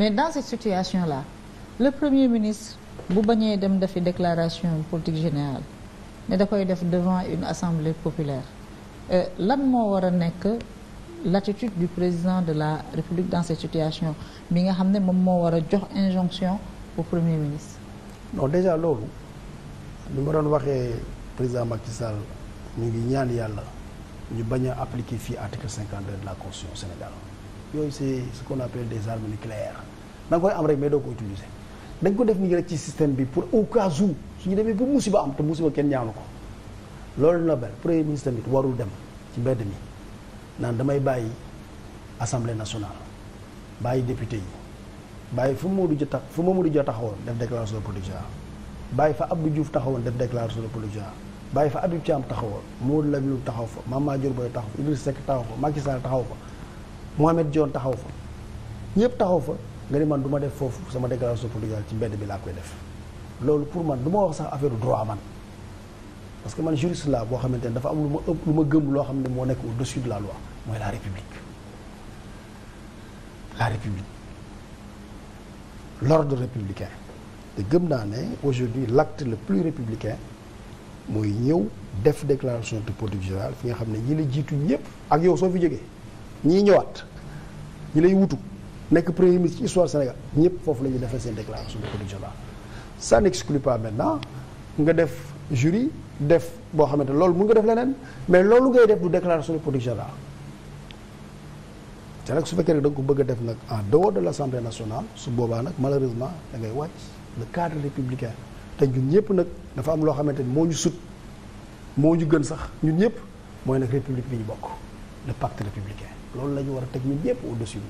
mais dans cette situation là le premier ministre bu bañee dem defi déclaration politique générale ne da koy def devant une assemblée populaire euh, lan moo war a nekk l'attitude du président de la république dans cette situation bi nga xam ne moom moo war a jox injonction au premier ministre non déjà loolu li ma doon waxee président Macky Sall ñu ngi ñaan yàlla ñu bañ a fii article 52 de la constitution sénégalaise yooyu c' est ce des armes nucléaires da koy am rek mais doo ko utiliser dañ ko def nii rek ci système bi pour au cas où suñu demee ba musiba am te musiba kenn ñaanu ko loolu Nobel premier ministre tamit warul dem ci mbedd mi naan damay bàyyi assemblée nationale bàyyi député yi bàyyi fu Mamadou Dia tax fu Mamadou Dia taxawoon def déclaration de politique bàyyi fa Abdou Diouf taxawoon def déclaration de politique générale bàyyi fa Habib Thiam taxawoon Mamadou Lamine taxaw fa Mame Madior Boye taxaw fa Idrissa Seck taxaw fa Macky Sall taxaw fa Mohamed Dione taxaw fa ñëpp taxaw fa nga ni man du ma def foofu sama déclaration politique ci mbedd bi laa koy def loolu pour man du ma wax sax affaire droit man parce que man juriste la boo xamante ne dafa am lu ma ëpp lu ma gëm loo xam ne moo nekk au-dessus de la loi mooy la république la république l'ordre républicain te gëm naa ne aujourd'hui l'acte le plus républicain mooy ñëw def déclaration de politique générale fi nga xam ne ñi la jiitu ñëpp ak yow soo fi jógee ñii ñëwaat ñi lay wutu nekk premier ministre ci histoire Sénégal ñëpp foofu la ñuy defee seen déclaration de conditionnement ça n'exclut pas maintenant nga def jury def boo xamante loolu mën nga def leneen mais loolu ngay def du déclaration de politique générale te nag su fekkee rek da nga ko bëgg def nag en dehors de l'Assemblée nationale su boobaa nag malheureusement da ngay wàcc le cadre républicain te ñun ñëpp nag dafa am loo xamante ni moo ñu sut moo ñu gën sax ñun ñëpp mooy nag république bi ñu bokk le pacte républicain loolu la ñu war a teg ñun ñëpp au-dessus